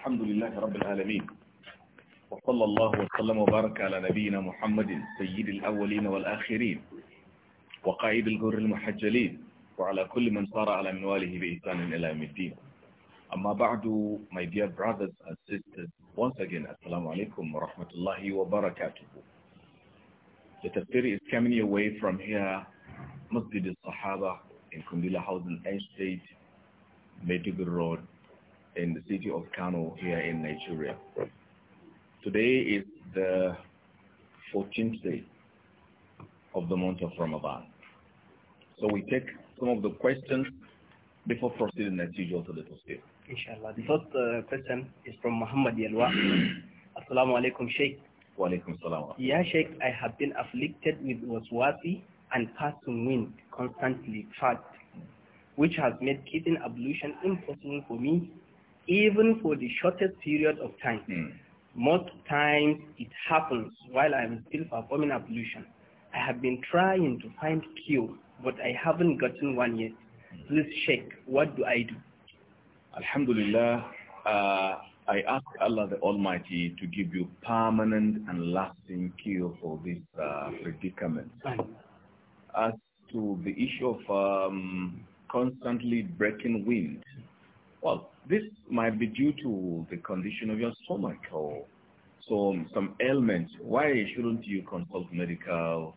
الحمد لله رب العالمين وصلى الله وسلم وبارك على نبينا محمد سيد الأولين والآخرين وقائد الغر المحجلين وعلى كل من صار على منواله بإحسان إلى يوم الدين أما بعد my dear brothers and sisters once again السلام عليكم ورحمة الله وبركاته The tafsir is coming your way from here Masjid al-Sahaba in Kundila House in State Medjugorje Road in the city of Kano here in Nigeria. Today is the 14th day of the month of Ramadan. So we take some of the questions before proceeding as usual to the tafsir. Inshallah. The first uh, question is from Muhammad Yalwa. Assalamu alaikum, Sheikh. Wa alaikum salam. Yeah, Sheikh, I have been afflicted with waswasi and passing wind constantly, fat, which has made keeping ablution impossible for me even for the shortest period of time. Mm. Most times it happens while I'm still performing ablution. I have been trying to find cure, but I haven't gotten one yet. Hmm. Please check. What do I do? Alhamdulillah, uh, I ask Allah the Almighty to give you permanent and lasting cure for this uh, predicament. As to the issue of um, constantly breaking wind, well, this might be due to the condition of your stomach or some, some ailments. Why shouldn't you consult medical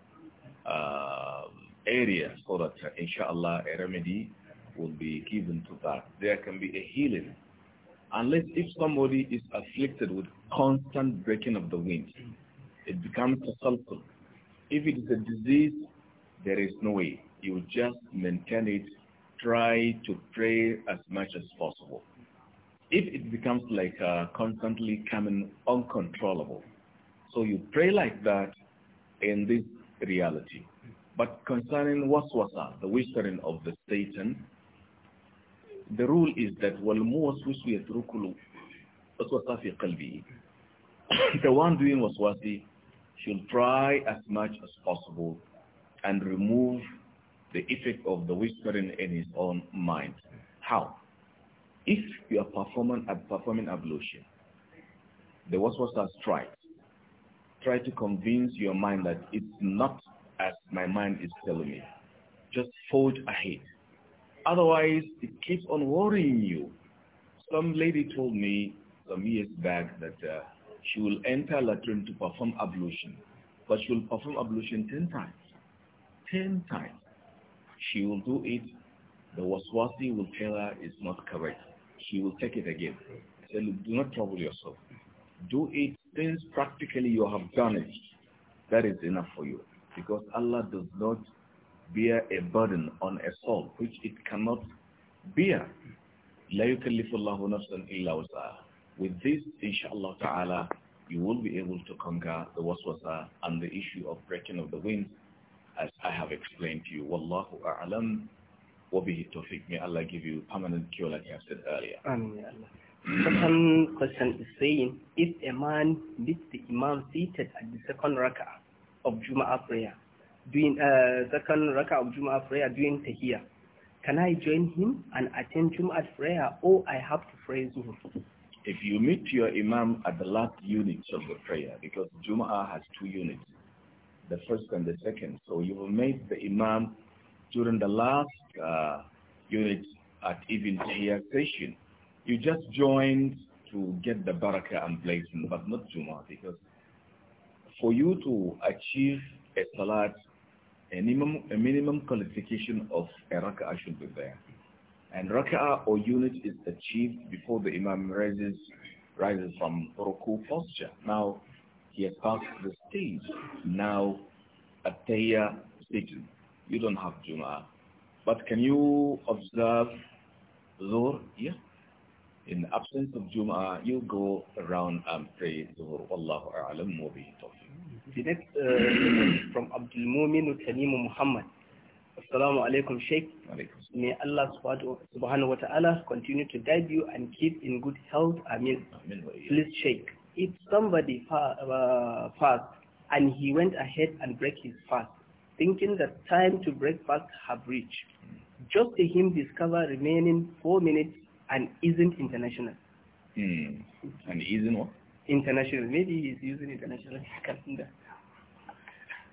uh, area so that inshallah a remedy will be given to that. There can be a healing. Unless if somebody is afflicted with constant breaking of the wind, it becomes a sulfur. If it is a disease, there is no way. You just maintain it. Try to pray as much as possible if it becomes like uh, constantly coming uncontrollable. So you pray like that in this reality. But concerning waswasa, the whispering of the Satan, the rule is that وَالْمُوَسْوِسُ يَتْرُكُ الْوَسْوَسَ فِي قَلْبِهِ The one doing waswasi should try as much as possible and remove the effect of the whispering in his own mind. How? if you are performing, performing ablution, the waswasa strikes. Try to convince your mind that it's not as my mind is telling me. Just forge ahead. Otherwise, it keeps on worrying you. Some lady told me some years back that uh, she will enter latrine to perform ablution, but she will perform ablution 10 times. 10 times. She will do it. The waswasi will tell her it's not correct he will take it again. Say, look, do not trouble yourself. Do it since practically you have done it. That is enough for you. Because Allah does not bear a burden on a soul which it cannot bear. La يكلف الله نفسا إلا With this, inshallah ta'ala, you will be able to conquer the waswasa and the issue of breaking of the wind as I have explained to you. Wallahu a'lam. وبه التوفيق. May Allah give you permanent cure like you have said earlier. Allah. Second question is saying, if a man meets the Imam seated at the second rak'ah of Jum'ah prayer, doing uh, second rak'ah of Jum'ah prayer doing tahiyya, can I join him and attend Jum'ah prayer or I have to pray Zuhur? If you meet your Imam at the last unit of the prayer, because Jum'ah has two units, the first and the second, so you will meet the Imam during the last uh, unit at Ibn Tahiyya session. You just joined to get the barakah and blessing, but not much because for you to achieve a salat, a minimum, a minimum qualification of a raka'ah should be there. And raka'ah or unit is achieved before the imam rises, rises from ruku posture. Now, he has passed the stage. Now, at tahiyyah sitting you don't have Jum'ah. But can you observe Zuhr? Yeah. In the absence of Jum'ah, you go around and pray Zuhr. Wallahu a'lam wa bihi The next uh, from Abdul Mumin Tanimu Muhammad. Assalamu alaikum, Sheikh. May Allah subhanahu wa ta'ala continue to guide you and keep in good health. Amin. Please, Sheikh, if somebody uh, fast and he went ahead and break his fast, thinking that time to breakfast have reached. Just a discover remaining four minutes and isn't international. Hmm. And isn't what? International. Maybe he's using international calendar.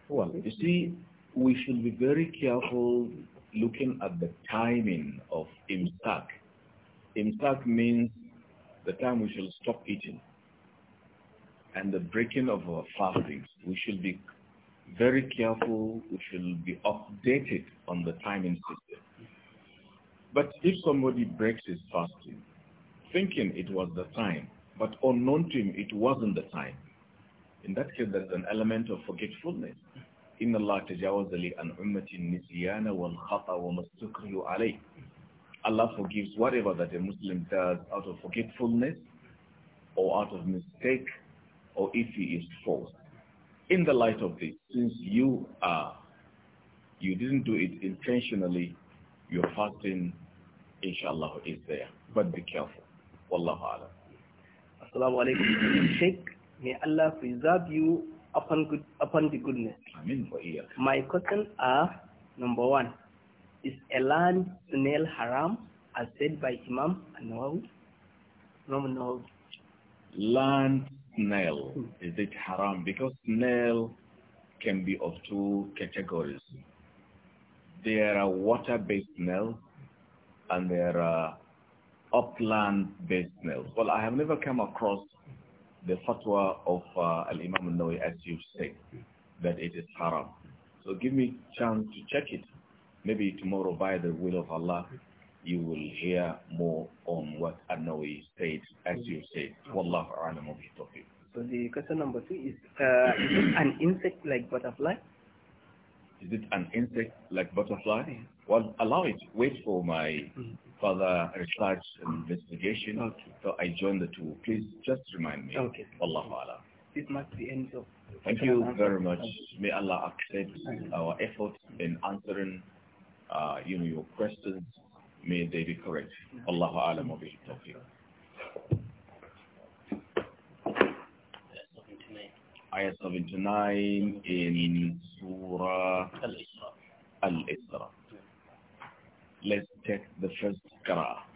Well, you see, we should be very careful looking at the timing of imsak. Imsak means the time we shall stop eating and the breaking of our fastings. We should be very careful. We will be updated on the timing system. But if somebody breaks his fasting, thinking it was the time, but unknown to him it wasn't the time, in that case there's an element of forgetfulness. In Allah تجاوز an ummati أمتي wal khata wa استكرهوا عليه. Allah forgives whatever that a Muslim does out of forgetfulness or out of mistake or if he is forced in the light of this, since you are, you didn't do it intentionally, your fasting, inshallah, is there. But be careful. Wallahu alam. Assalamu alaikum. Sheikh, may Allah preserve you upon, good, upon the goodness. Amin My questions are, number one, is a land snail haram as said by Imam Nawawi? Imam Nawawi. Land snail. Hmm. Is it haram? Because snail can be of two categories. There are water-based snails and there are upland-based snails. Well, I have never come across the fatwa of uh, Al-Imam al-Nawawi as you say, that it is haram. So give me chance to check it. Maybe tomorrow by the will of Allah you will hear more on what Anawi said, as you said. Wallahu a'lam wa bihi So the question number two is, uh, is it an insect like butterfly? Is it an insect like butterfly? Well, allow it. Wait for my mm further research and investigation. Okay. So I join the two. Please just remind me. Okay. Wallahu a'lam. This must be end of. Thank you very much. May Allah accept our efforts in answering, uh, you know, your questions may they be correct. Allahu alamu bihi tawfiq. Ayah 79 in Surah Al-Isra. Al-Isra. Let's take the first qira'ah.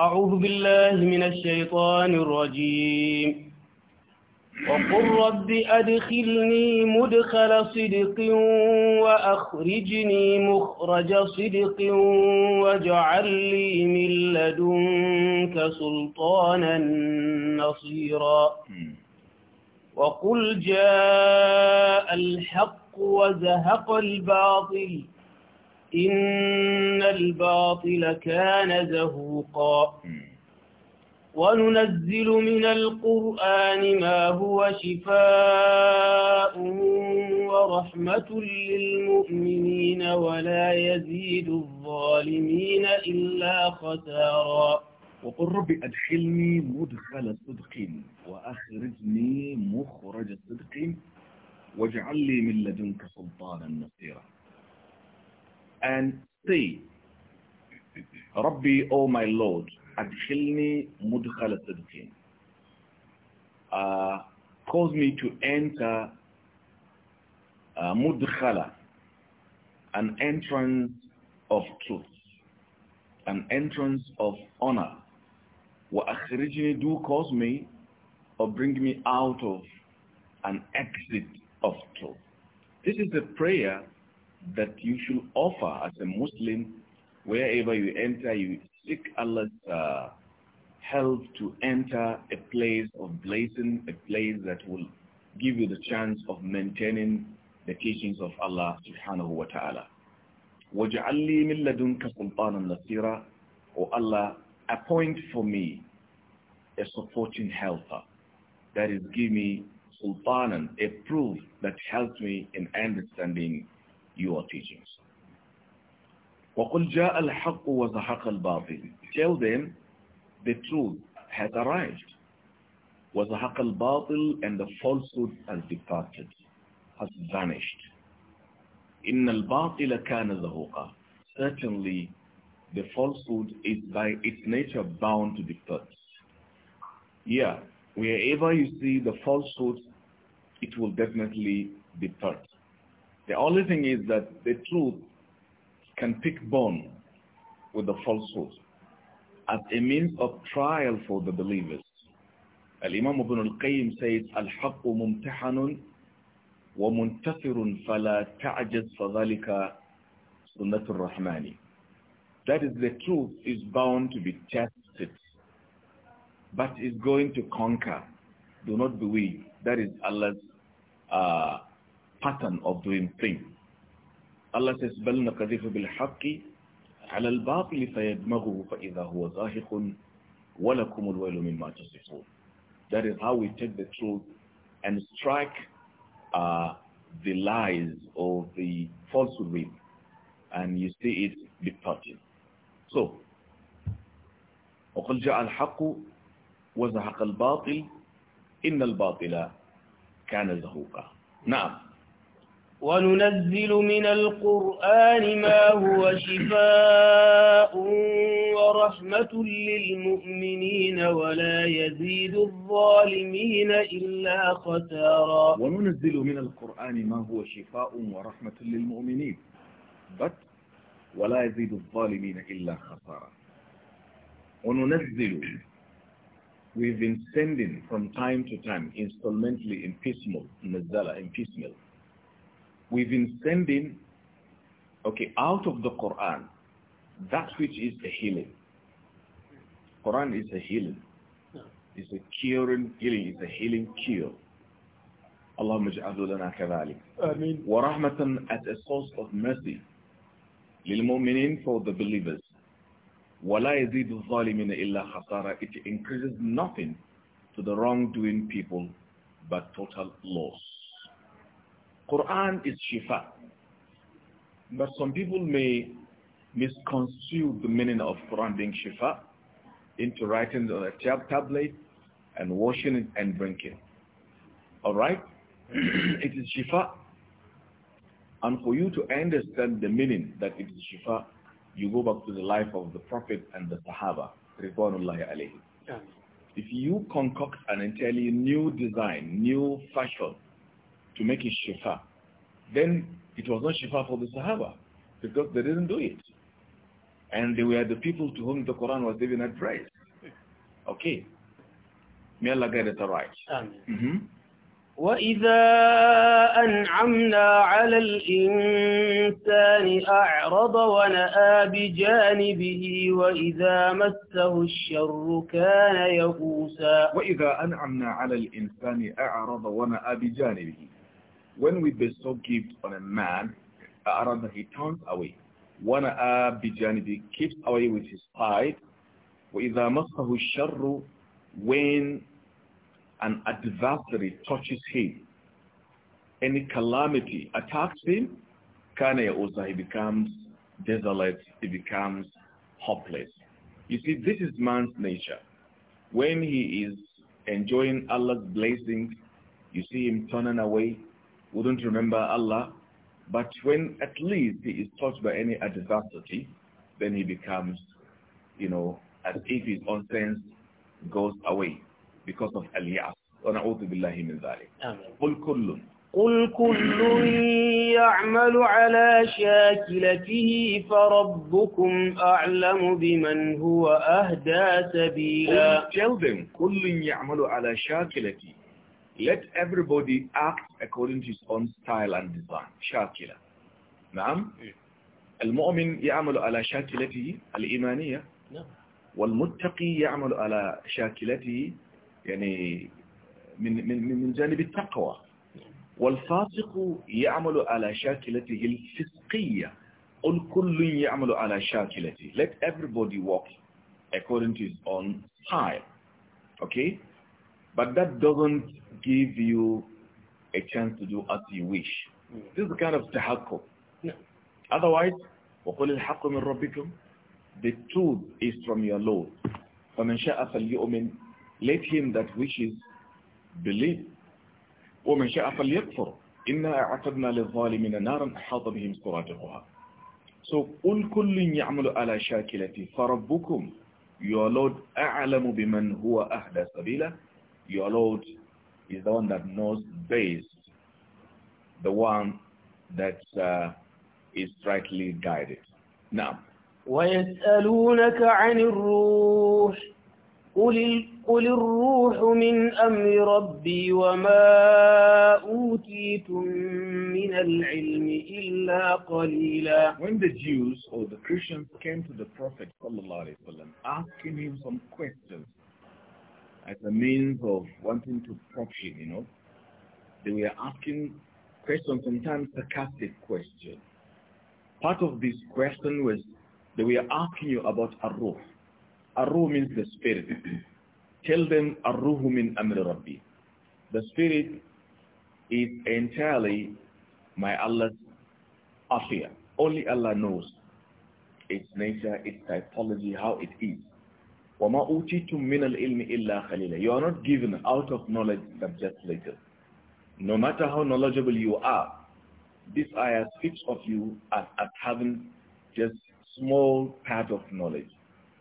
أعوذ بالله من الشيطان الرجيم وقل رب أدخلني مدخل صدق وأخرجني مخرج صدق واجعل لي من لدنك سلطانا نصيرا وقل جاء الحق وزهق الباطل إن الباطل كان زهوقا وننزل من القرآن ما هو شفاء ورحمة للمؤمنين ولا يزيد الظالمين إلا خسارا وقل رب أدخلني مدخل صدق وأخرجني مخرج صدق واجعل لي من لدنك سلطانا نصيرا And say, Rabbi, O oh my Lord, adkhilni mudkhala sadqin uh, cause me to enter uh, mudkhala an entrance of truth an entrance of honor wa akhrijni do cause me or bring me out of an exit of truth this is a prayer that you should offer as a muslim wherever you enter you seek Allah's uh, help to enter a place of blessing, a place that will give you the chance of maintaining the teachings of Allah subhanahu wa ta'ala. وَجَعَلْ لِي مِنْ لَدُنْكَ سُلْطَانًا نَصِيرًا O Allah, appoint for me a supporting helper. That is, give me sultanan, a proof that helps me in understanding your teachings. وَقُلْ جَاءَ الْحَقُّ وَزَحَقَ الْبَاطِلِ Tell them the truth has arrived. وَزَحَقَ الْبَاطِلِ And the falsehood has departed, has vanished. إِنَّ الْبَاطِلَ كَانَ زَهُقًا Certainly, the falsehood is by its nature bound to depart. Yeah, wherever you see the falsehood, it will definitely depart. The only thing is that the truth can pick bone with the falsehood as a means of trial for the believers. Al-Imam Ibn al-Qayyim says, "Al-Haqum الحق ممتحن ومنتصر فلا تعجز فذلك sunnatul That That is the truth is bound to be tested, but is going to conquer. Do not be weak. That is Allah's uh, pattern of doing things. Allah says, قذف بِالْحَقِّ عَلَى الْبَاطِلِ فَيَدْمَغُهُ فَإِذَا هُوَ زَاهِقٌ وَلَكُمُ الْوَيْلُ مِمَّا تَصِفُونَ That is how we take the truth and strike uh, the lies or the falsehood with. And you see it departing. So, وقل جاء الحق وزهق الباطل إن الباطل كان زهوقا نعم وننزل من القرآن ما هو شفاء ورحمة للمؤمنين ولا يزيد الظالمين إلا خسارا وننزل من القرآن ما هو شفاء ورحمة للمؤمنين but ولا يزيد الظالمين إلا خسارا وننزل We've been sending from time to time, instrumentally in piecemeal, نزل in piecemeal, we've been sending, okay, out of the Quran, that which is a healing. Quran is a healing. It's a curing healing. It's a healing cure. Allahumma اللهم اجعله لنا كذلك wa rahmatan as a source of mercy lil muminin for the believers Wa la يزيد الظالمين illa خسارة it increases nothing to the wrongdoing people but total loss Quran is shifa. But some people may misconstrue the meaning of Quran being shifa into writing on a tab tablet and washing it and drinking. All right? it is shifa. And for you to understand the meaning that it is shifa, you go back to the life of the Prophet and the Sahaba. If you concoct an entirely new design, new fashion, to make it shifa. Then it was not shifa for the Sahaba because they didn't do it. And they were the people to whom the Quran was even addressed. Okay. May Allah guide us right. وَإِذَا أَنْعَمْنَا عَلَى الْإِنسَانِ أَعْرَضَ وَنَآ بِجَانِبِهِ وَإِذَا مَسَّهُ الشَّرُّ كَانَ يَئُوسًا وَإِذَا أَنْعَمْنَا عَلَى الْإِنسَانِ أَعْرَضَ وَنَآ بِجَانِبِهِ when we bestow gifts on a man, أَرَدَ He turns away. a بِجَانِبِ Keeps away with his side. وَإِذَا مَصَّهُ الشَّرُّ When an adversary touches him, any calamity attacks him, كَانَ يَؤْزَى He becomes desolate. He becomes hopeless. You see, this is man's nature. When he is enjoying Allah's blessings, you see him turning away, wouldn't remember Allah, but when at least he is touched by any adversity, then he becomes, you know, as if his own sense goes away because of aliyah. ونعوذ بالله من ذلك قل كل قل كل يعمل على شاكلته فربكم أعلم بمن هو أهدى سبيلا Tell them كل يعمل على شاكلته let everybody act according to his own style and design شاكلة نعم المؤمن يعمل على شاكلته الإيمانية نعم. والمتقي يعمل على شاكلته يعني من من من جانب التقوى والفاسق يعمل على شاكلته الفسقية قل كل يعمل على شاكلته let everybody walk according to his own style okay But that doesn't give you a chance to do as you wish. Mm. This is the kind of tahakkuk. No. Otherwise, وَقُلِ الْحَقُّ مِنْ رَبِّكُمْ The truth is from your Lord. فَمَنْ شَاءَ فَلْيُؤْمِنْ Let him that wishes believe. وَمَنْ شَاءَ فَلْيَكْفُرْ إِنَّا أَعْتَدْنَا لِلظَّالِمِينَ نَارًا أَحَاطَ بِهِمْ سُرَادِقُهَا So, قُلْ كُلٍّ يَعْمَلُ عَلَى شَاكِلَتِهِ فَرَبُّكُمْ Your Lord أَعْلَمُ بِمَنْ هُوَ أَهْدَى سَبِيلًا your Lord is the one that knows best, the one that uh, is rightly guided. Now. ويسألونك عن الروح قل, قل الروح من أمر ربي وما أوتيتم من العلم إلا قليلا When the Jews or the Christians came to the Prophet وسلم, asking him some questions as a means of wanting to profit, you know. They were asking questions, sometimes sarcastic questions. Part of this question was they were asking you about aru. Aru means the spirit. Tell them Ar-Ruhu min Amr Rabbi. The spirit is entirely my Allah's affair. Only Allah knows its nature, its typology, how it is. وَمَا أُوتِيتُم مِّنَ إِلَّا خَلِيلًا You are not given out of knowledge but just little. No matter how knowledgeable you are, this ayah speaks of you as, as having just small part of knowledge.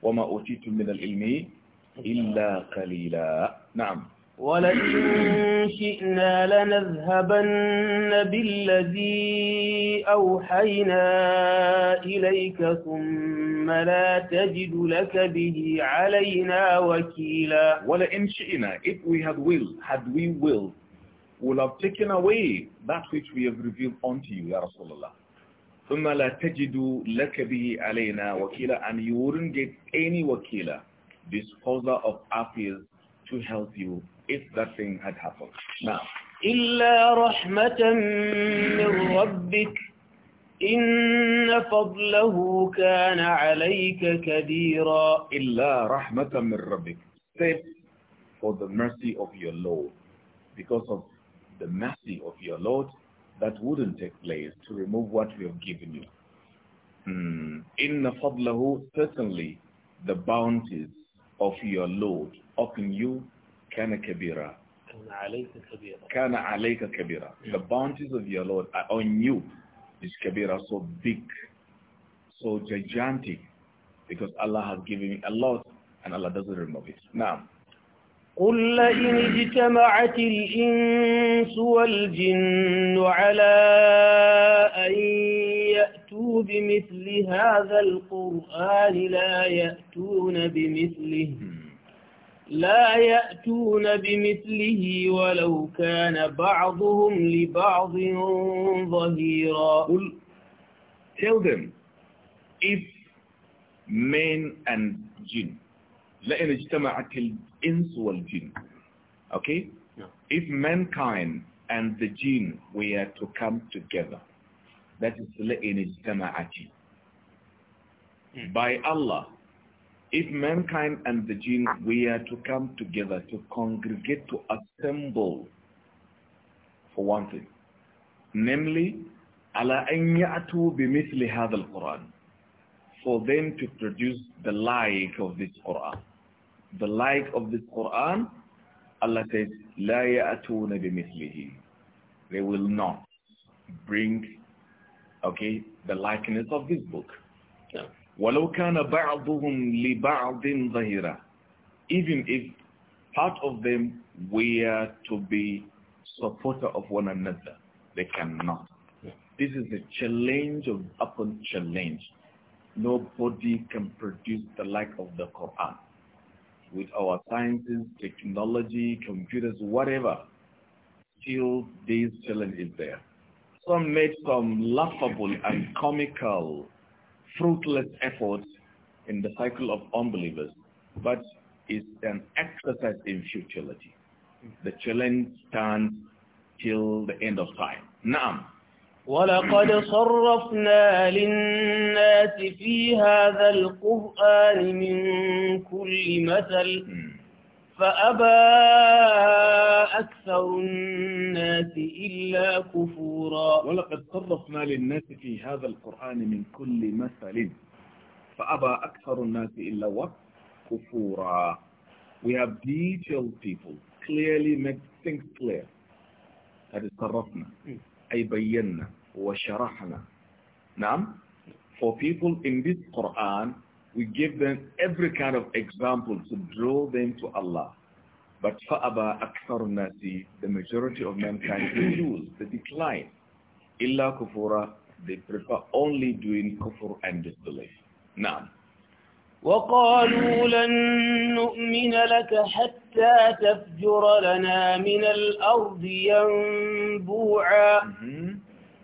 وَمَا أُوتِيتُم مِّنَ الْإِلْمِ إِلَّا قَلِيلًا نعم ولئن شئنا لنذهبن بالذي أوحينا إليك ثم لا تجد لك به علينا وكيلا ولئن شئنا if we had will had we will will have taken away that which we have revealed unto you يا رسول الله ثم لا تجد لك به علينا وكيلا and you wouldn't get any وكيلا disposer of affairs to help you if that thing had happened. Now, إِلَّا رَحْمَةً مِّن رَبِّكَ إِنَّ فَضْلَهُ كَانَ عَلَيْكَ كَبِيرًا إِلَّا رَحْمَةً مِّن رَبِّكَ Save for the mercy of your Lord. Because of the mercy of your Lord, that wouldn't take place to remove what we have given you. Hmm. إِنَّ فَضْلَهُ Certainly, the bounties of your Lord upon you kana kabira. Kana alayka kabira. The bounties of your Lord are on you. Is kabira so big, so gigantic, because Allah has given me a lot and Allah doesn't remove it. Now, قل لئن اجتمعت الإنس والجن على أن يأتوا بمثل هذا القرآن لا يأتون بمثله لا يأتون بمثله ولو كان بعضهم لبعض ظهيرا قل tell them if men and jinn لأن اجتمعت الإنس والجن okay if mankind and the jinn were to come together that in its لَإِنِ اجْتَمَعَتِ By Allah, if mankind and the jinn were to come together, to congregate, to assemble for one thing, namely, عَلَىٰ أَنْ يَأْتُوا بِمِثْلِ هَذَا الْقُرْآنِ For them to produce the like of this Qur'an. The like of this Qur'an, Allah says, لَا يَأْتُونَ بِمِثْلِهِ They will not bring okay, the likeness of this book. وَلَوْ كَانَ بَعْضُهُمْ لِبَعْضٍ ظَهِرًا Even if part of them were to be supporter of one another, they cannot. This is a challenge of upon challenge. Nobody can produce the like of the Quran. With our sciences, technology, computers, whatever, still this challenge is there. Some made some laughable and comical, fruitless efforts in the cycle of unbelievers, but it's an exercise in futility. The challenge stands till the end of time. Naam. ولقد صرفنا للناس في هذا القرآن من كل مثل hmm. فأبى أكثر الناس إلا كفورا ولقد صرفنا للناس في هذا القرآن من كل مثل فأبى أكثر الناس إلا كفورا We have detailed people clearly make things clear هذا صرفنا أي بينا وشرحنا نعم for people in this Quran we give them every kind of example to draw them to Allah. But فَأَبَى أَكْثَرُ nasi, The majority of mankind refuse, they decline. Illa kufura, They prefer only doing kufur and disbelief. Now. وقالوا لن نؤمن لك حتى تفجر لنا من الأرض ينبوعا mm-hmm.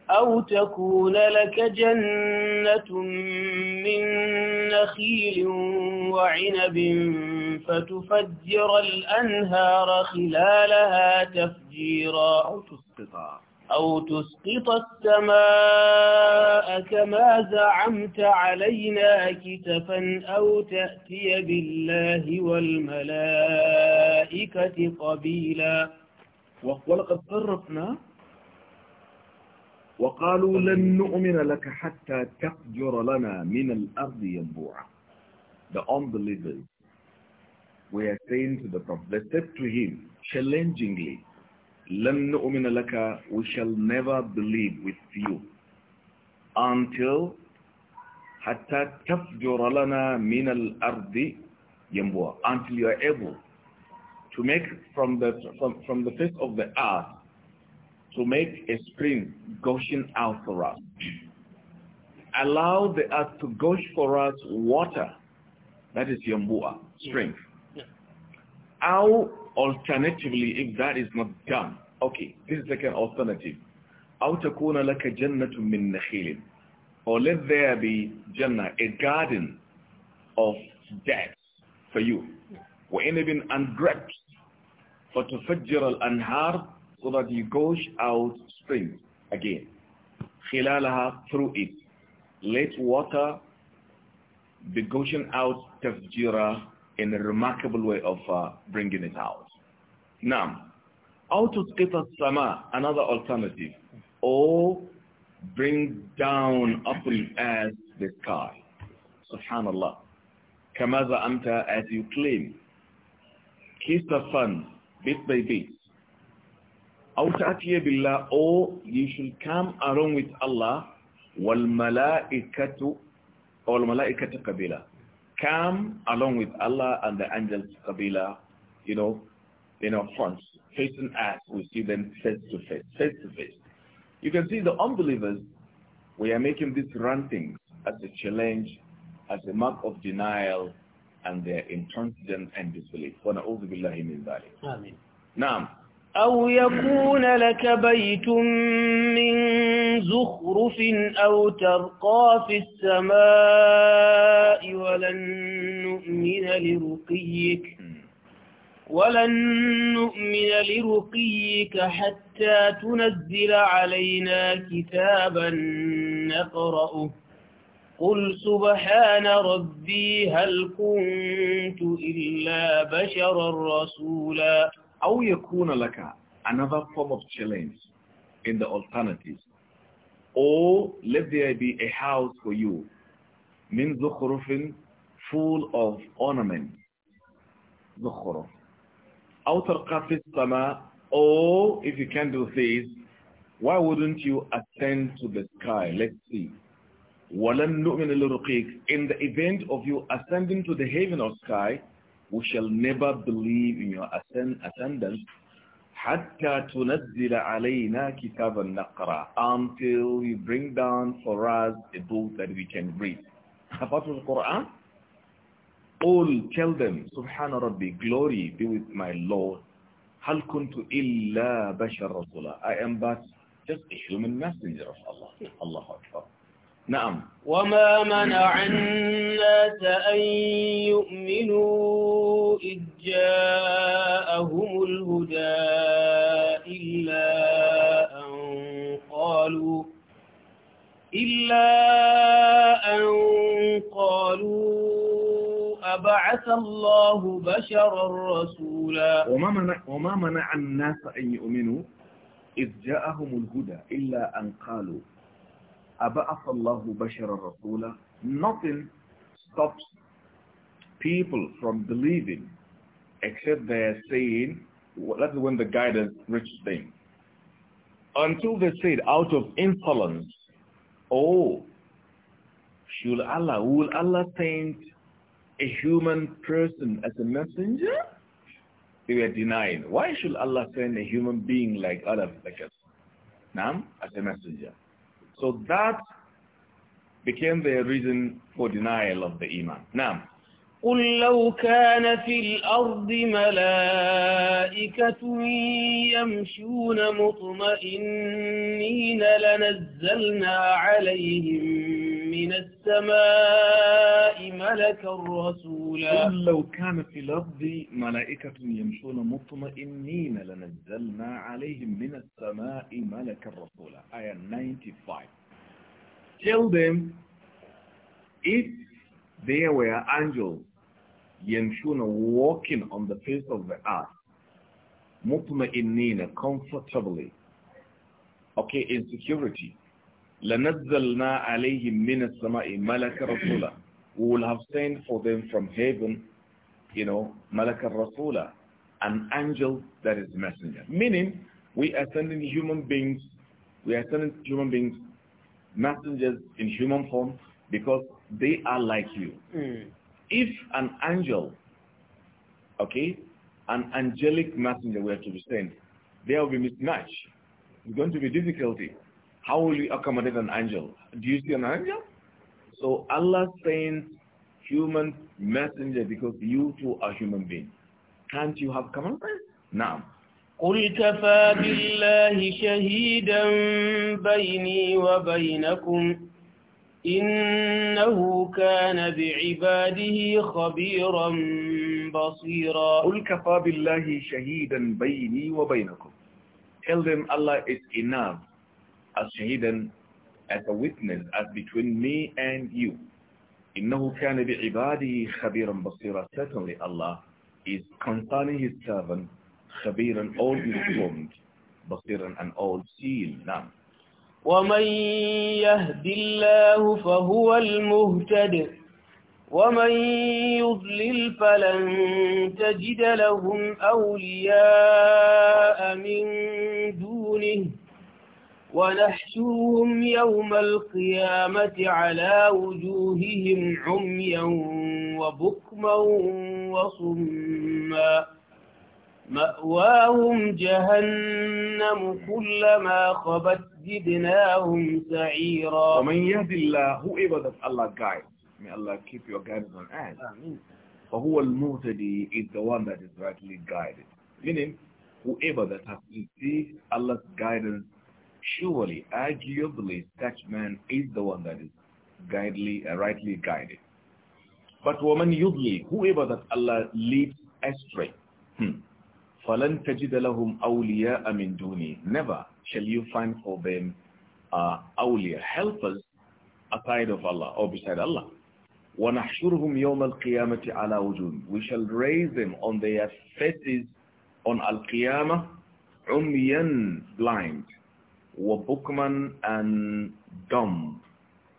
أو تكون لك جنة من نخيل وعنب فتفجر الأنهار خلالها تفجيرا أو تسقط أو تسقط السماء كما زعمت علينا كتفا أو تأتي بالله والملائكة قبيلا ولقد صرفنا وقالوا لن نؤمن لك حتى تفجر لنا من الأرض ينبوعا The unbelievers were saying to the Prophet, they said to him challengingly, لن نؤمن لك, we shall never believe with you until حتى تفجر لنا من الأرض ينبوعا until you are able to make from the, from, from the face of the earth to make a stream gushing out for us. Allow the earth to gush for us water. That is Yambua, strength. Yeah. How alternatively, if that is not done, okay, this is like an alternative. أو تكون لك جنة من or let there be Jannah, a garden of dates for you. وإنب and grapes. فتفجر الأنهار so that you gush out spring again. خلالها through it. Let water be gushing out tafjira in a remarkable way of uh, bringing it out. Now, out of skitter sama, another alternative, or bring down upon as the sky. Subhanallah. Kamaza amta as you claim. Kiss the fun, bit by bit. أَوْتَأْتِيَ بِاللَّهِ Or you should come along with Allah وَالْمَلَائِكَةُ وَالْمَلَائِكَةُ قَبِيلًا Come along with Allah and the angels قَبِيلًا You know, in our front facing us, we see them face to face, face to face. You can see the unbelievers, we are making these ranting as a challenge, as a mark of denial, and their intransigence and disbelief. وَنَعُوذُ بِاللَّهِ مِنْ ذَلِكَ Amen. Now, أو يكون لك بيت من زخرف أو ترقى في السماء ولن نؤمن لرقيك ولن نؤمن لرقيك حتى تنزل علينا كتابا نقرأه قل سبحان ربي هل كنت إلا بشرا رسولا أو يكون لك another form of challenge in the alternatives or let there be a house for you من زخرف full of ornament زخرف أو ترقى في السماء or if you can do this why wouldn't you ascend to the sky let's see ولن نؤمن لرقيك in the event of you ascending to the heaven or sky we shall never believe in your ascendance حَتَّى تُنَزِّلَ عَلَيْنَا كِتَابًا نَقْرَى Until you bring down for us a book that we can read. Apart from the Quran, all tell them, Subhana Rabbi, glory be with my Lord. هَلْ كُنْتُ إِلَّا بَشَرْ رَسُولًا I am but just a human messenger of Allah. Allah Akbar. نعم وما منع الناس أن يؤمنوا إذ جاءهم الهدى إلا أن قالوا إلا أن قالوا أبعث الله بشرا رسولا وما منع, وما منع الناس أن يؤمنوا إذ جاءهم الهدى إلا أن قالوا Nothing stops people from believing except they're saying, that's when the guidance reaches them. Until they said out of insolence, oh, should Allah, will Allah send a human person as a messenger? They were denying. Why should Allah send a human being like Allah, like us, Nam, as a messenger? So that became the reason for denial of the iman. Now, قل لو كان في الأرض ملائكة يمشون مطمئنين لنزلنا عليهم من السماء ملكا رسولا قل لو كان في الأرض ملائكة يمشون مطمئنين لنزلنا عليهم من السماء ملكا رسولا آية 95 Tell them if there were angels يمشون walking on the face of the earth مطمئنين comfortably okay in security لَنَزَّلْنَا عَلَيْهِمْ مِنَ السَّمَاءِ مَلَكَ We will have sent for them from heaven, you know, مَلَكَ رَسُولًا An angel that is messenger. Meaning, we are sending human beings, we are sending human beings messengers in human form because they are like you. Mm. If an angel, okay, an angelic messenger were to be sent, there will be mismatch. It's going to be difficulty. How will you accommodate an angel? Do you see an angel? So Allah sends human messenger because you too are human being. Can't you have common sense? Now. قل كفى بالله شهيدا بيني وبينكم إنه كان بعباده خبيرا بصيرا قل كفى بالله شهيدا بيني وبينكم Tell them Allah is enough as shahidan, as a witness, as between me and you. إِنَّهُ كَانَ بِعِبَادِهِ خَبِيرًا بَصِيرًا Certainly Allah is concerning His servant, خَبِيرًا all informed, بَصِيرًا and all seen. Now, ومن يهد الله فهو المهتد ومن يضلل فلن تجد لهم أولياء من دونه ونحشوهم يوم القيامة على وجوههم عميا وبكما وصما مأواهم جهنم كلما خبت زدناهم سعيرا ومن يهد الله whoever that Allah guides may Allah keep your guidance on us فهو المهتدي is the one that is rightly guided meaning whoever that has received Allah's guidance surely, arguably, such man is the one that is guidely, uh, rightly guided. But woman yudli, whoever that Allah leads astray, hmm, فَلَنْ تَجِدَ لَهُمْ أَوْلِيَاءَ مِنْ دُونِي Never shall you find for them uh, awliya, helpers aside of Allah or beside Allah. وَنَحْشُرْهُمْ يَوْمَ الْقِيَامَةِ عَلَى وُجُونِ We shall raise them on their faces on Al-Qiyamah, عُمْيًا blind. وبكما and dumb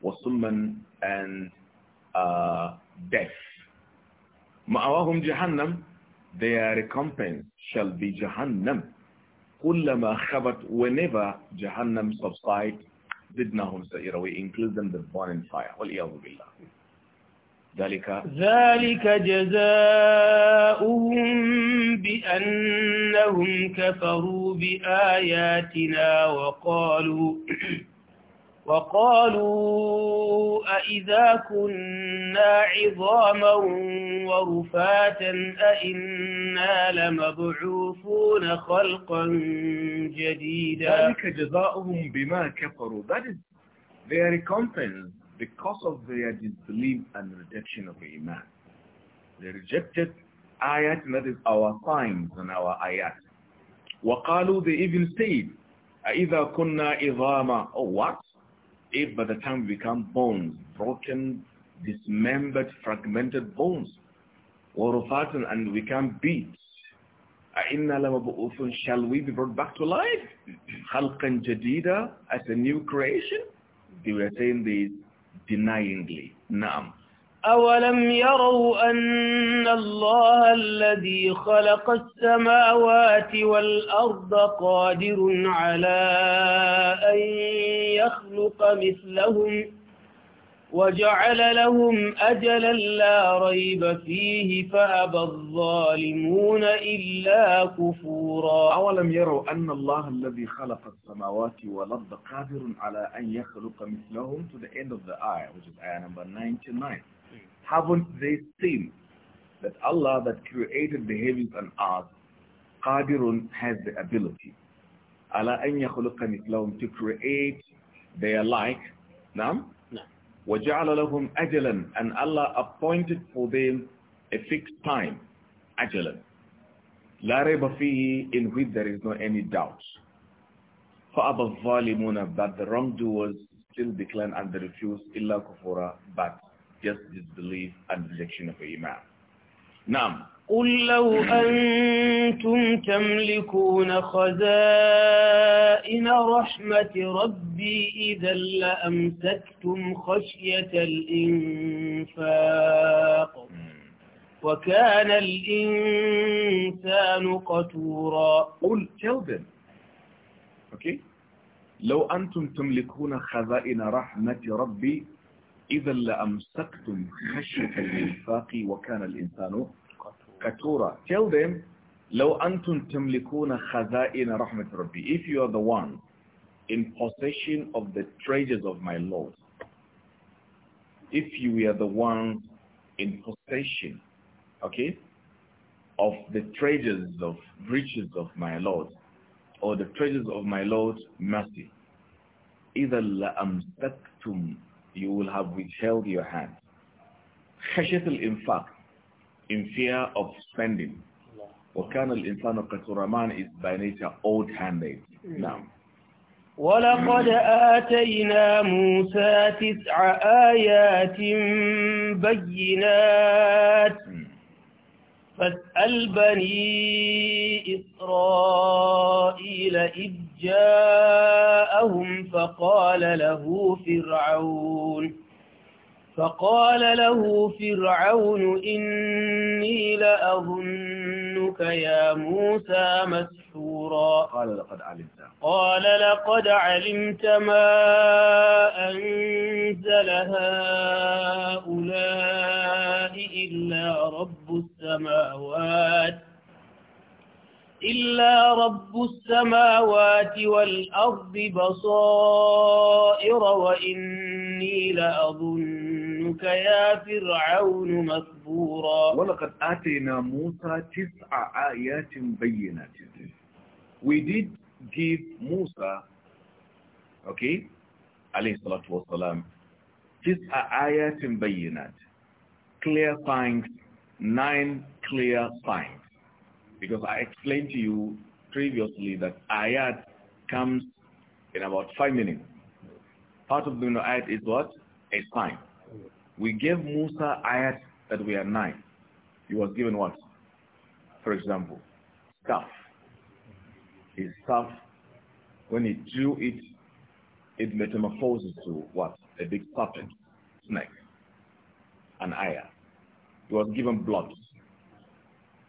وصما and uh, deaf مأواهم جهنم their recompense shall be جهنم كلما خبت whenever جهنم subside زدناهم sa'ira we include them the burning fire والإياذ بالله ذلك ذلك جزاؤهم بأنهم كفروا بآياتنا وقالوا وقالوا أئذا كنا عظاما ورفاتا أئنا لمبعوثون خلقا جديدا ذلك جزاؤهم بما كفروا That is their recompense because of their disbelief and rejection of Iman. They rejected ayat, and that is our signs and our ayat. وَقَالُوا They even said, أَإِذَا كُنَّا إِظَامًا Oh, what? If by the time we become bones, broken, dismembered, fragmented bones, وَرُفَاتٌ And we become beats. أَإِنَّا لَمَبُؤُثٌ Shall we be brought back to life? خَلْقًا جَدِيدًا As a new creation? They were saying these. denyingly نعم أولم يروا أن الله الذي خلق السماوات والأرض قادر على أن يخلق مثلهم وجعل لهم أجلا لا ريب فيه فأبى الظالمون إلا كفورا أولم يروا أن الله الذي خلق السماوات والأرض قادر على أن يخلق مثلهم to the end of the ayah which is ayah number 99 haven't they seen that Allah that created the heavens and earth قادر has the ability على أن يخلق مثلهم to create their like نعم وَجَعَلَ لَهُمْ أَجَلًا And Allah appointed for them a fixed time, أَجَلًا لَا رَيْبَ فِيهِ In which there is no any doubt. فَأَبَى الظَّالِمُونَ But the wrongdoers still decline and they refuse إِلَّا كُفُورًا But just disbelief and rejection of Imam. Now, قل لو أنتم تملكون خزائن رحمة ربي إذا لأمسكتم خشية الإنفاق hmm. وكان الإنسان قتورا قل tell them okay لو أنتم تملكون خزائن رحمة ربي إذا لأمسكتم خشية الإنفاق وكان الإنسان قتورا katura. Tell them, لو أنتم تملكون خزائن رحمة ربي. If you are the one in possession of the treasures of my Lord, if you are the one in possession, okay, of the treasures of riches of my Lord, or the treasures of my Lord's mercy, either لأمسكتم, you will have withheld your hand. خشية الإنفاق in fear of spending. وكان الإنسان قد man is by nature old-handed. Now. Mm. نعم. ولقد آتينا موسى تسع آيات بينات mm. فاسأل بني إسرائيل إذ جاءهم فقال له فرعون فقال له فرعون إني لأظنك يا موسى مسحورا قال لقد علمت قال لقد علمت ما أنزل هؤلاء إلا رب السماوات إلا رب السماوات والأرض بصائر وإني لأظن ربك يا فرعون مصبورا ولقد آتينا موسى تسع آيات بينات We did give Musa, okay, عليه الصلاة والسلام, تسع آيات بينات, clear signs, nine clear signs. Because I explained to you previously that ayat comes in about five minutes. Part of the ayat is what? A sign. We gave Musa ayat that we are nine. He was given what? For example, staff. His staff, when he drew it, it metamorphoses to what? A big serpent, snake, an ayah. He was given blood.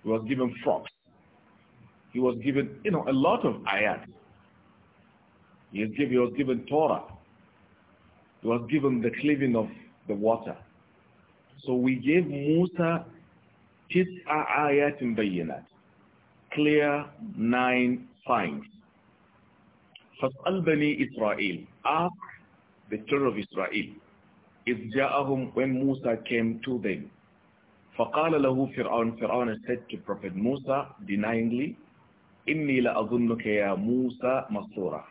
He was given frogs. He was given, you know, a lot of ayat. He was given, he was given Torah. He was given the cleaving of the water. So we gave Musa in the bayyanat, clear nine signs. فَاسْأَلْ بَنِي Israel, Ask the children of Israel. إِذْ جَاءَهُمْ When Musa came to them. فَقَالَ لَهُ فِرْعَوْنَ فِرْعَوْنَ said to Prophet Musa denyingly, إِنِّي لَأَظُنُّكَ يَا مُوسَى مَصْرُورًا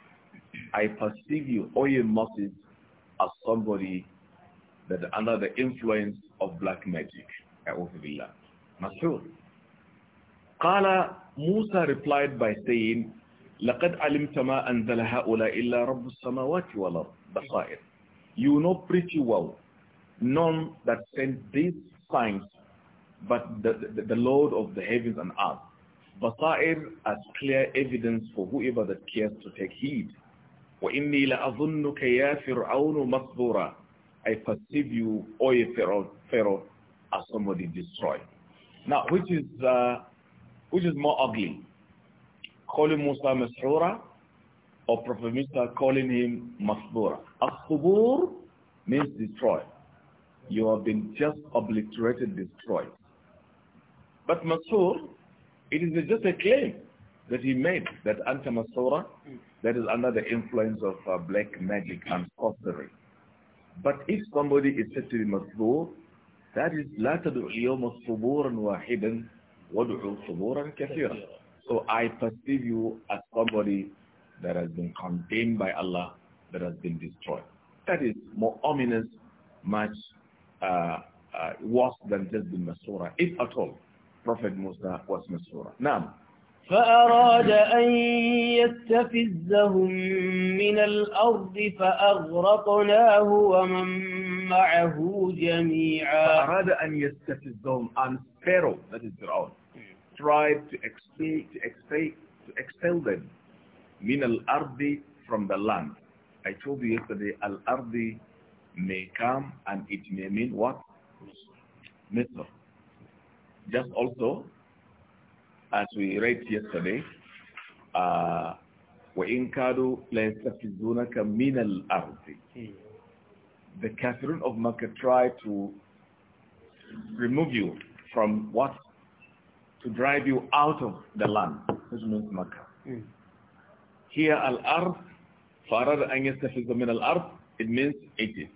I perceive you, O ye Moses, as somebody that are under the influence of black magic. Masur. Qala Musa replied by saying, لَقَدْ عَلِمْتَ مَا أَنزَلَ هَؤُلَاءِ إِلَّا رَبُّ السَّمَاوَاتِ وَالْأَرْضِ بَصَائِرَ You know pretty well, none that sent these signs, but the, the, the Lord of the heavens and earth. Basa'ir as clear evidence for whoever that cares to take heed. وَإِنِّي لَأَظُنُّكَ يَا فِرْعَوْنُ مَصْبُورًا I perceive you, O ye Pharaoh, Pharaoh, as somebody destroyed. Now, which is, uh, which is more ugly? Calling Musa Masrura or Prophet Musa calling him Masbura? Asubur means destroy. You have been just obliterated, destroyed. But Masur, it is just a claim that he made that Anta Masura, hmm. that is under the influence of uh, black magic and sorcery. But if somebody is said to be masbur, that is لا تدعو يوم الصبور واحدا وادعو صبورا كثيرا. So I perceive you as somebody that has been condemned by Allah, that has been destroyed. That is more ominous, much uh, uh, worse than just being masura, if at all. Prophet Musa was masura. Now, فأراد أن يستفزهم من الأرض فأغرقناه ومن معه جميعا فأراد أن يستفزهم عن فيرو that is Fir'aun tried to expel, to expel, to expel them من الأرض from the land I told you yesterday الأرض may come and it may mean what? Misr just also as we read yesterday, uh, وَإِن كَادُوا لَيَسْتَفِزُّونَكَ مِنَ الْأَرْضِ The Catherine of Makkah tried to remove you from what? To drive you out of the land, This means Makkah. Hmm. Here, al-ard, فَأَرَدَ أَن يَسْتَفِزُّ مِنَ الْأَرْضِ It means it is.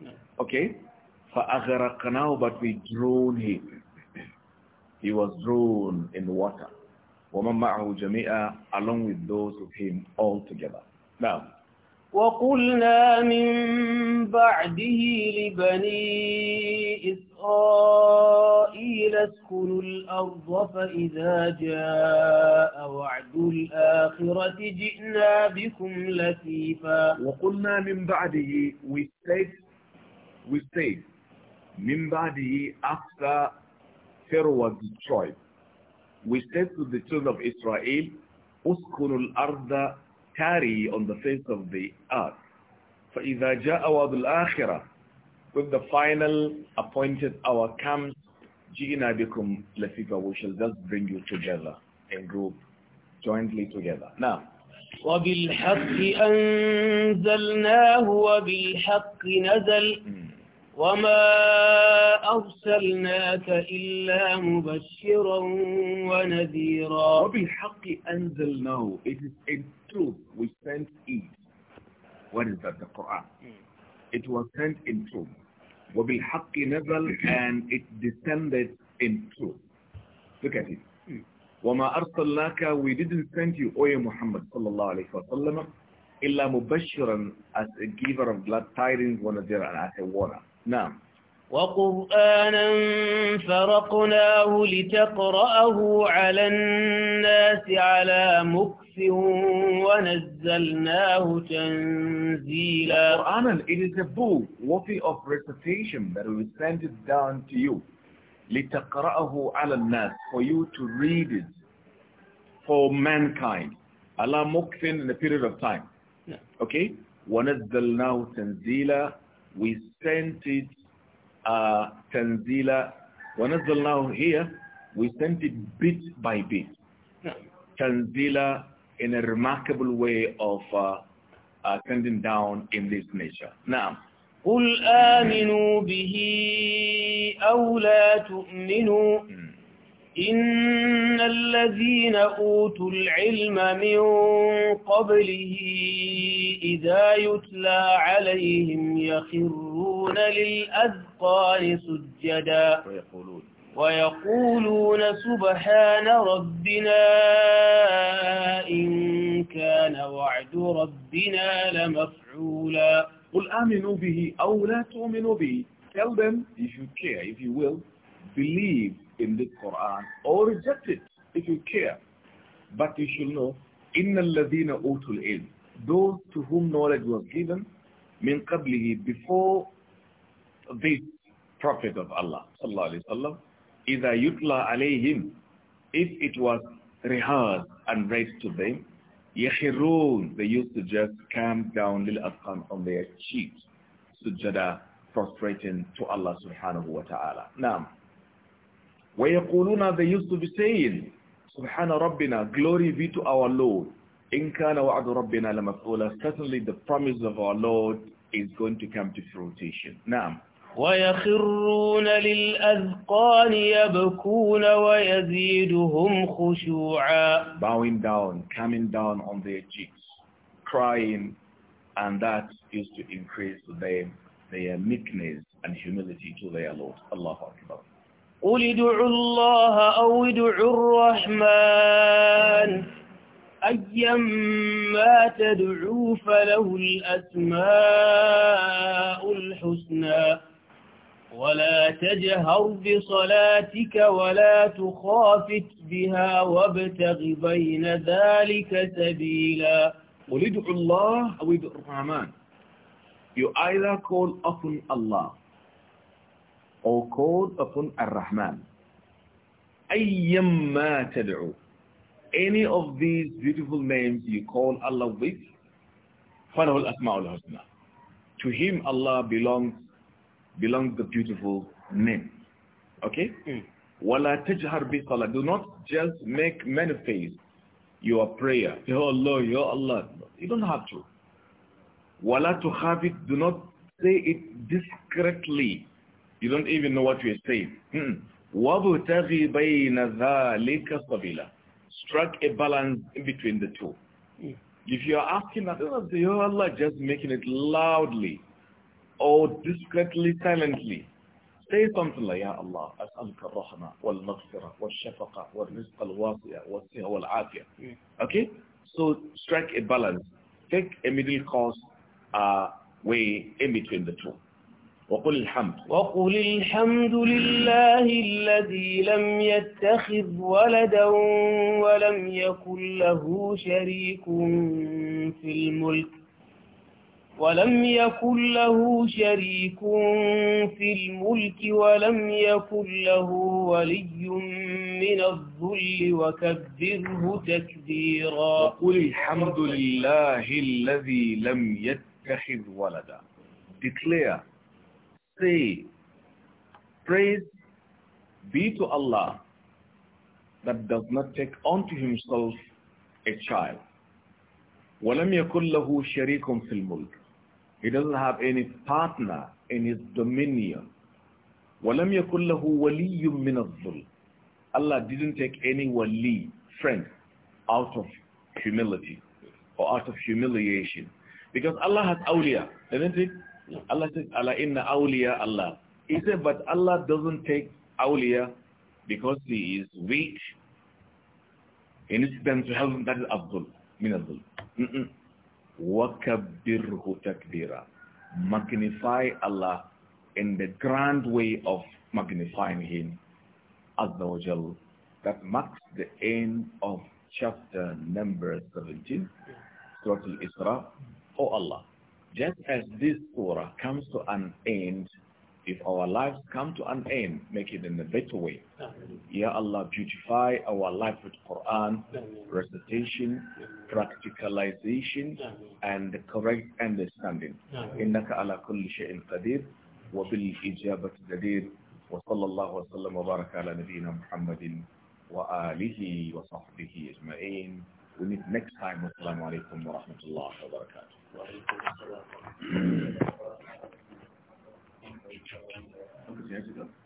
Hmm. Okay? فَأَغْرَقْنَاهُ But we drowned him. He was drawn in the water. وَمَنْ مَعَهُ جَمِيعًا Along with those with him all together. Now, وقلنا من بعده لبني إسرائيل اسكنوا الأرض فإذا جاء وعد الآخرة جئنا بكم لفيفا وقلنا من بعده we said we said من بعده after Pharaoh was destroyed, we said to the children of Israel, أسكنوا الأرض tarry on the face of the earth. فَإِذَا جَاءَ وَعْدُ الْآخِرَةِ With the final appointed hour comes, جِئِنَا بِكُمْ لَفِفَ We shall just bring you together in group, jointly together. Now, وَبِالْحَقِّ أَنزَلْنَاهُ وَبِالْحَقِّ نَزَلْ hmm. وما أرسلناك إلا مبشرا ونذيرا وبالحق أنزلناه It is in truth we sent it What is that? The Quran It was sent in truth وبالحق نزل and it descended in truth Look at it وما أرسلناك we didn't send you O Muhammad صلى الله عليه وسلم إلا مبشرا as a giver of glad tidings ونذيرا as a warner نعم وقرآنا فرقناه لتقرأه على الناس على مكس ونزلناه تنزيلا قرآنا it is a book worthy of recitation that we sent it down to you لتقرأه على الناس for you to read it for mankind على مكس in a period of time okay ونزلناه تنزيلا we sent it uh, tanzila law here we sent it bit by bit tanzila in a remarkable way of uh, uh, sending down in this nature now قل آمنوا به أو لا تؤمنوا إن الذين أوتوا العلم من قبله إذا يتلى عليهم يخرون للأذقان سجدا ويقولون, ويقولون سبحان ربنا إن كان وعد ربنا لمفعولا قل آمنوا به أو لا تؤمنوا به Tell them, if you care, if you will, believe in the Quran or reject it if you care. But you should know, إِنَّ الَّذِينَ أُوتُوا الْعِلْمِ Those to whom knowledge was given, مِنْ قَبْلِهِ Before this Prophet of Allah, صلى الله عليه وسلم إِذَا يُتْلَى عَلَيْهِمْ If it was rehearsed and read to them, يَخِرُونَ They used to just camp down little asqan on their cheeks, sujada, prostrating to Allah subhanahu wa ta'ala. Now, وَيَقُولُونَ They used to be saying, Subhana Rabbina, glory be to our Lord. إِن كَانَ وَعْدُ رَبِّنَا لَمَفْعُولًا Certainly the promise of our Lord is going to come to fruition. Now, ويخرون للأذقان يبكون ويزيدهم خشوعا Bowing down, coming down on their cheeks, crying, and that is to increase their, their meekness and humility to their Lord. Allahu Akbar. قل ادعوا الله أو ادعوا الرحمن أيما تدعوا فله الأسماء الحسنى ولا تجهر بصلاتك ولا تخافت بها وابتغ بين ذلك سبيلا قل ادعوا الله أو ادعوا الرحمن You either call upon Allah or called upon Ar-Rahman. أَيَّمَّا تَدْعُوا Any of these beautiful names you call Allah with, فَلَهُ الْأَسْمَاءُ الْحُسْنَى To him Allah belongs, belongs the beautiful name. Okay? وَلَا تَجْهَرْ بِصَلَى Do not just make manifest your prayer. Ya Allah, Ya Allah. You don't have to. وَلَا تُخَافِدْ Do not say it discreetly you don't even know what you're saying. وَبُتَغِي بَيْنَ ذَلِكَ صَبِيلًا Struck a balance in between the two. Hmm. If you are asking that, oh Allah, just making it loudly or discreetly, silently. Say something like, Ya Allah, أسألك الرحمة والمغفرة والشفقة والرزق الواسع والصحة والعافية. Okay? So strike a balance. Take a middle course uh, way in between the two. وقل الحمد وقل الحمد لله الذي لم يتخذ ولدا ولم يكن له شريك في الملك ولم يكن له شريك في الملك ولم يكن له ولي من الذل وكبره تكبيرا وقل الحمد لله الذي لم يتخذ ولدا Declare say, Praise be to Allah that does not take unto himself a child. He doesn't have any partner in his dominion. Allah didn't take any wali, friend, out of humility or out of humiliation. Because Allah has awliya, isn't it? Allah said, Allah the awliya Allah. He said, but Allah doesn't take awliya because he is weak. He needs them to help him. That is Abdul. Min Abdul. وَكَبِّرْهُ تَكْبِيرًا Magnify Allah in the grand way of magnifying Him. Azza wa Jal. That marks the end of chapter number 17, Surah Al-Isra. Oh Allah, just as this surah comes to an end, if our lives come to an end, make it in a better way. Amen. Ya Allah, beautify our life with Quran, Amen. recitation, Amen. practicalization, and correct understanding. إنك على كل شيء قدير وبالإجابة جدير وصلى الله وسلم وبارك على نبينا محمد وآله وصحبه أجمعين. We meet next time. Wassalamu alaikum wa rahmatullahi wa barakatuh. Thank you.